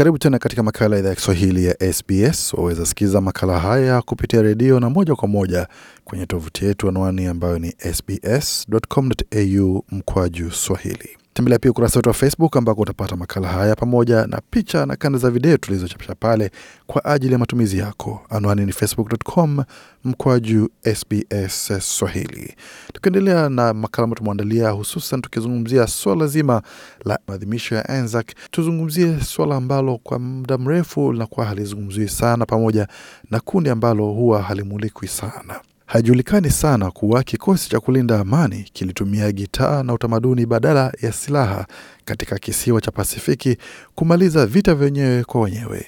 Karibu tena katika makala ya idhaa ya Kiswahili ya SBS. Waweza sikiza makala haya kupitia redio na moja kwa moja kwenye tovuti yetu, anwani ambayo ni sbs.com.au mkwaju swahili. Tembelea pia ukurasa wetu wa Facebook ambako utapata makala haya pamoja na picha na kanda za video tulizochapisha pale kwa ajili ya matumizi yako. Anwani ni facebook.com mkwaju SBS Swahili. Tukiendelea na makala ambayo tumeandalia, hususan tukizungumzia swala zima la maadhimisho ya Anzac, tuzungumzie swala ambalo kwa muda mrefu linakuwa halizungumziwi sana, pamoja na kundi ambalo huwa halimulikwi sana Haijulikani sana kuwa kikosi cha kulinda amani kilitumia gitaa na utamaduni badala ya silaha katika kisiwa cha Pasifiki kumaliza vita vya wenyewe kwa wenyewe.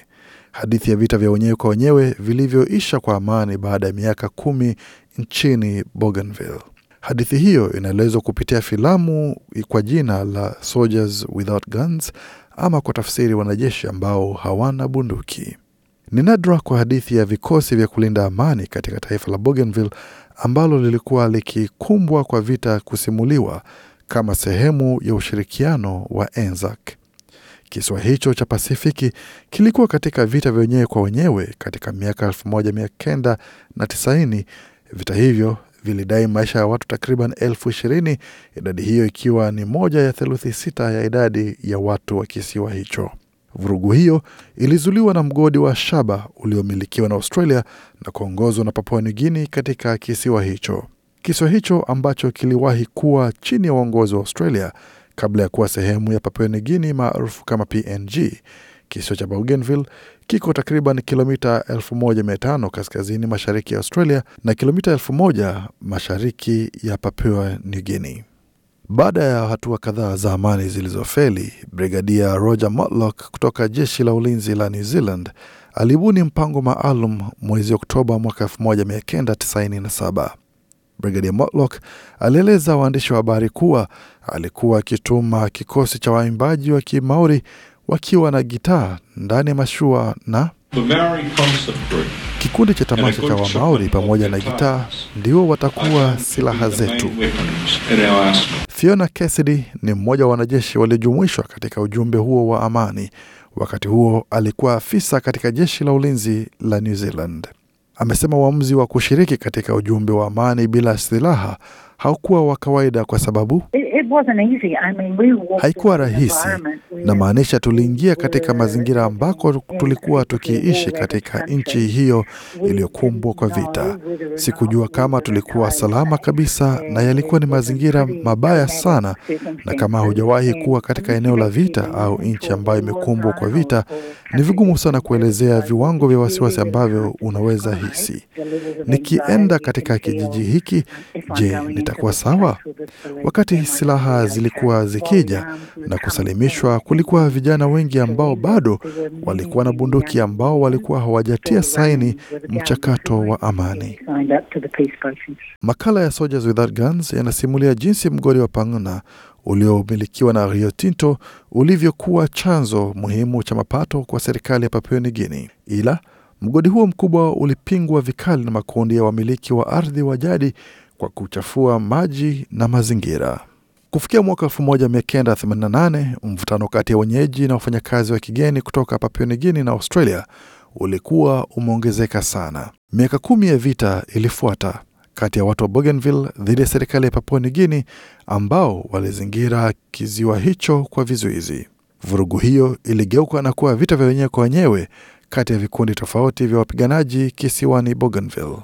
Hadithi ya vita vya wenyewe kwa wenyewe vilivyoisha kwa amani baada ya miaka kumi nchini Bougainville. Hadithi hiyo inaelezwa kupitia filamu kwa jina la Soldiers Without Guns ama kwa tafsiri, wanajeshi ambao hawana bunduki. Ni nadra kwa hadithi ya vikosi vya kulinda amani katika taifa la Bougainville ambalo lilikuwa likikumbwa kwa vita kusimuliwa kama sehemu ya ushirikiano wa Anzac. Kisiwa hicho cha Pasifiki kilikuwa katika vita vya wenyewe kwa wenyewe katika miaka 1990. Vita hivyo vilidai maisha ya watu takriban elfu ishirini, idadi hiyo ikiwa ni moja ya theluthi sita ya idadi ya watu wa kisiwa hicho. Vurugu hiyo ilizuliwa na mgodi wa shaba uliomilikiwa na Australia na kuongozwa na Papua New Guinea katika kisiwa hicho. Kisiwa hicho ambacho kiliwahi kuwa chini ya uongozi wa Australia kabla ya kuwa sehemu ya Papua New Guinea maarufu kama PNG. Kisiwa cha Bougainville kiko takriban kilomita 1500 kaskazini mashariki ya Australia na kilomita 1000 mashariki ya Papua New Guinea. Baada ya hatua kadhaa za amani zilizofeli, Brigadia Roger motlock kutoka jeshi la ulinzi la New Zealand alibuni mpango maalum mwezi Oktoba mwaka 1997. Brigadia Motlock alieleza waandishi wa habari kuwa alikuwa akituma kikosi cha waimbaji wa Kimaori wakiwa na gitaa ndani ya mashua na kikundi cha tamasha cha Wamaori pamoja na gitaa ndio watakuwa silaha zetu. Fiona Cassidy ni mmoja wa wanajeshi waliojumuishwa katika ujumbe huo wa amani. Wakati huo alikuwa afisa katika jeshi la ulinzi la New Zealand. Amesema uamuzi wa kushiriki katika ujumbe wa amani bila silaha haukuwa wa kawaida kwa sababu I mean, haikuwa rahisi. na maanisha tuliingia katika mazingira ambako tulikuwa tukiishi katika nchi hiyo iliyokumbwa kwa vita. Sikujua kama tulikuwa salama kabisa, na yalikuwa ni mazingira mabaya sana, na kama hujawahi kuwa katika eneo la vita au nchi ambayo imekumbwa kwa vita, ni vigumu sana kuelezea viwango vya wasiwasi ambavyo unaweza hisi. Nikienda katika kijiji hiki, je, itakuwa sawa? Wakati silaha zilikuwa zikija na kusalimishwa, kulikuwa vijana wengi ambao bado walikuwa na bunduki, ambao walikuwa hawajatia saini mchakato wa amani. Makala ya Soldiers Without Guns yanasimulia jinsi mgodi wa Panguna uliomilikiwa na Rio Tinto ulivyokuwa chanzo muhimu cha mapato kwa serikali ya Papua New Guinea. Ila mgodi huo mkubwa ulipingwa vikali na makundi ya wamiliki wa ardhi wa jadi kwa kuchafua maji na mazingira. Kufikia mwaka 1988 mvutano kati ya wenyeji na wafanyakazi wa kigeni kutoka Papua na Australia ulikuwa umeongezeka sana. Miaka kumi ya vita ilifuata kati ya watu wa Bougainville dhidi ya serikali ya Papua Nugini ambao walizingira kiziwa hicho kwa vizuizi. Vurugu hiyo iligeuka na kuwa vita vya wenyewe kwa wenyewe kati ya vikundi tofauti vya wapiganaji kisiwani Bougainville.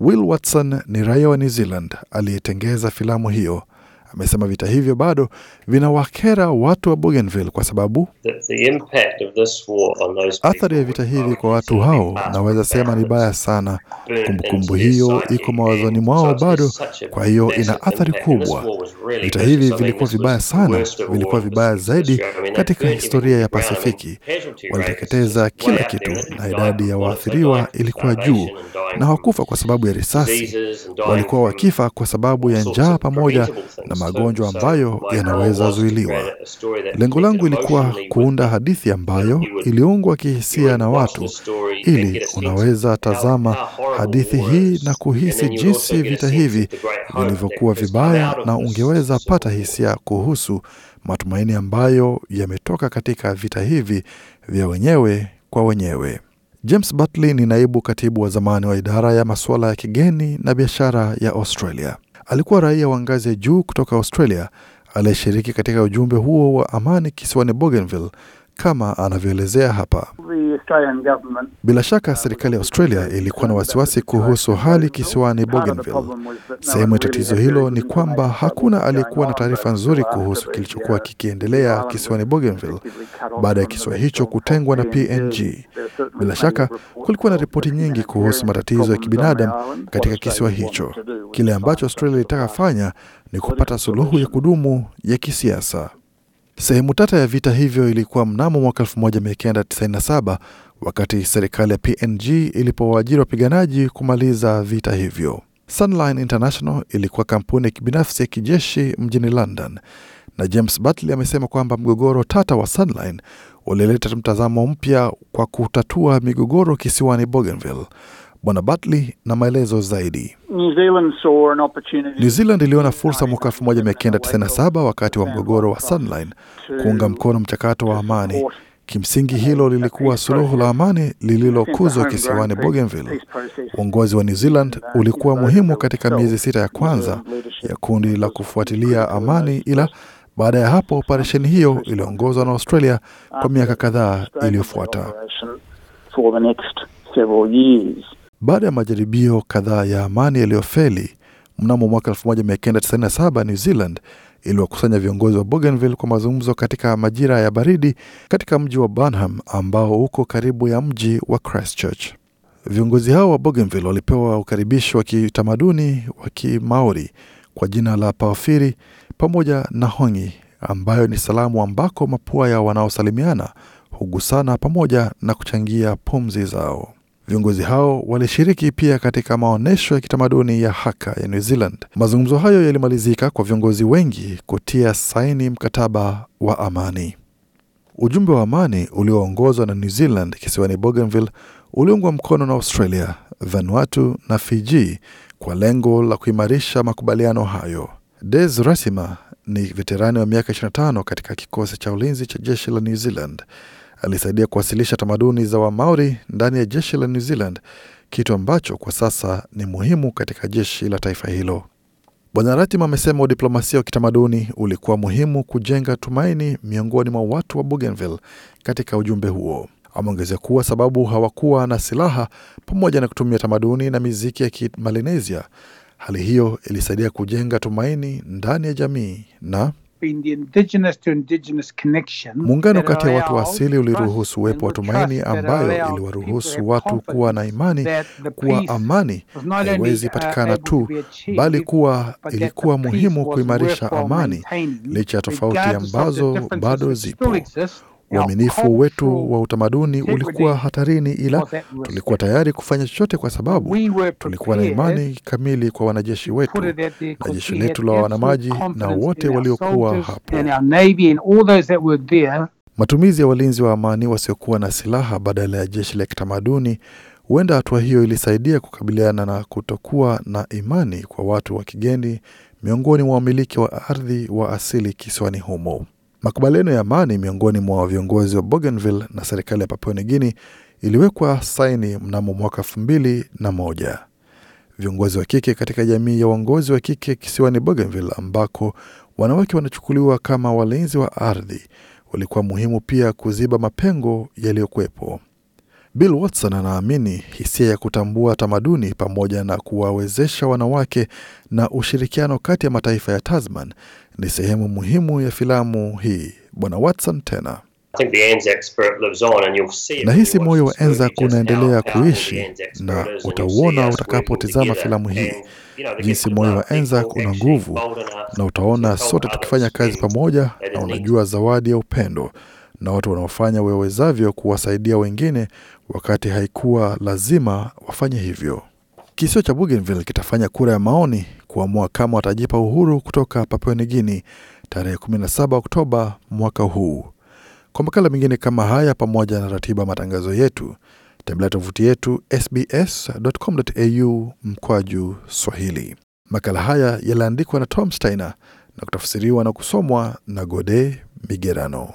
Will Watson ni raia wa New Zealand aliyetengeza filamu hiyo Amesema vita hivyo bado vinawakera watu wa Bougainville kwa sababu athari ya vita hivi kwa watu hao, naweza sema ni baya sana. Kumbukumbu hiyo iko mawazoni mwao bado, kwa hiyo ina athari kubwa. Vita hivi vilikuwa vibaya sana, vilikuwa vibaya zaidi katika historia ya Pasifiki. Waliteketeza kila kitu, na idadi ya waathiriwa ilikuwa juu, na wakufa kwa sababu ya risasi, walikuwa wakifa kwa sababu ya njaa pamoja na magonjwa ambayo yanaweza zuiliwa. Lengo langu ilikuwa kuunda hadithi ambayo iliungwa kihisia na watu, ili unaweza tazama hadithi hii na kuhisi jinsi vita hivi vilivyokuwa vibaya, na ungeweza pata hisia kuhusu matumaini ambayo yametoka katika vita hivi vya wenyewe kwa wenyewe. James Butley ni naibu katibu wa zamani wa idara ya masuala ya kigeni na biashara ya Australia alikuwa raia wa ngazi ya juu kutoka Australia aliyeshiriki katika ujumbe huo wa amani kisiwani Bougainville kama anavyoelezea hapa. Bila shaka serikali ya Australia ilikuwa na wasiwasi kuhusu hali kisiwani Bougainville. Sehemu ya tatizo hilo ni kwamba hakuna aliyekuwa na taarifa nzuri kuhusu kilichokuwa kikiendelea kisiwani Bougainville baada ya kisiwa hicho kutengwa na PNG. Bila shaka kulikuwa na ripoti nyingi kuhusu matatizo ya kibinadamu katika kisiwa hicho. Kile ambacho Australia ilitaka fanya ni kupata suluhu ya kudumu ya kisiasa. Sehemu tata ya vita hivyo ilikuwa mnamo mwaka 1997 wakati serikali ya PNG ilipowaajiri wapiganaji kumaliza vita hivyo. Sunline International ilikuwa kampuni ya kibinafsi ya kijeshi mjini London, na James Butley amesema kwamba mgogoro tata wa Sunline ulileta mtazamo mpya kwa kutatua migogoro kisiwani Bougainville. Bwana Batley na maelezo zaidi. New Zealand iliona fursa mwaka 1997 wakati wa mgogoro wa Sunline kuunga mkono mchakato wa amani. Kimsingi hilo lilikuwa suluhu la amani lililokuzwa kisiwani Bougainville. Uongozi wa New Zealand ulikuwa muhimu katika miezi sita ya kwanza ya kundi la kufuatilia amani, ila baada ya hapo operesheni hiyo iliongozwa na Australia kwa miaka kadhaa iliyofuata. Baada ya majaribio kadhaa ya amani yaliyofeli mnamo mwaka 1997 New Zealand iliwakusanya viongozi wa Bougainville kwa mazungumzo katika majira ya baridi katika mji wa Burnham ambao uko karibu ya mji wa Christchurch. Viongozi hao wa Bougainville walipewa ukaribishi wa kitamaduni wa Kimaori kwa jina la paofiri pamoja na hongi, ambayo ni salamu ambako mapua ya wanaosalimiana hugusana pamoja na kuchangia pumzi zao. Viongozi hao walishiriki pia katika maonyesho ya kitamaduni ya Haka ya New Zealand. Mazungumzo hayo yalimalizika kwa viongozi wengi kutia saini mkataba wa amani. Ujumbe wa amani ulioongozwa na New Zealand kisiwani Bougainville uliungwa mkono na Australia, Vanuatu na Fiji kwa lengo la kuimarisha makubaliano hayo. Des Rasima ni veterani wa miaka 25 katika kikosi cha ulinzi cha jeshi la New Zealand alisaidia kuwasilisha tamaduni za Wamaori ndani ya jeshi la New Zealand, kitu ambacho kwa sasa ni muhimu katika jeshi la taifa hilo. Bwana Ratim amesema udiplomasia wa kitamaduni ulikuwa muhimu kujenga tumaini miongoni mwa watu wa Bougainville. Katika ujumbe huo ameongezea kuwa sababu hawakuwa na silaha pamoja na kutumia tamaduni na miziki ya Kimalinesia, hali hiyo ilisaidia kujenga tumaini ndani ya jamii na Muungano kati ya watu wa asili uliruhusu uwepo wa tumaini ambayo iliwaruhusu watu kuwa na imani kuwa amani haiwezi uh, patikana tu, bali kuwa ilikuwa muhimu kuimarisha amani licha ya tofauti ambazo bado zipo. Uaminifu wetu wa utamaduni ulikuwa hatarini, ila tulikuwa tayari kufanya chochote kwa sababu tulikuwa na imani kamili kwa wanajeshi wetu na jeshi letu la wanamaji na wote waliokuwa hapo. Matumizi ya walinzi wa amani wasiokuwa na silaha badala ya jeshi la kitamaduni. Huenda hatua hiyo ilisaidia kukabiliana na kutokuwa na imani kwa watu wa kigeni miongoni mwa wamiliki wa ardhi wa asili kisiwani humo. Makubaliano ya amani miongoni mwa viongozi wa Bougainville na serikali ya Papua New iliwekwa saini mnamo mwaka elfu mbili na moja. Viongozi wa kike katika jamii ya uongozi wa kike kisiwani Bougainville, ambako wanawake wanachukuliwa kama walinzi wa ardhi, walikuwa muhimu pia kuziba mapengo yaliyokuwepo. Bill Watson anaamini hisia ya kutambua tamaduni pamoja na kuwawezesha wanawake na ushirikiano kati ya mataifa ya Tasman ni sehemu muhimu ya filamu hii. Bwana Watson tena Nahisi moyo wa Anzac unaendelea kuishi na utauona utakapotizama filamu hii, jinsi moyo wa Anzac una nguvu, na utaona sote tukifanya kazi pamoja, na unajua, zawadi ya upendo na watu wanaofanya wawezavyo kuwasaidia wengine wakati haikuwa lazima wafanye hivyo. Kisio cha Bougainville kitafanya kura ya maoni kuamua kama watajipa uhuru kutoka Papua New Guinea tarehe 17 Oktoba mwaka huu. Kwa makala mengine kama haya, pamoja na ratiba matangazo yetu, tembelea tovuti yetu sbs.com.au mkwaju Swahili. Makala haya yaliandikwa na Tom Steiner na kutafsiriwa na kusomwa na Gode Migerano.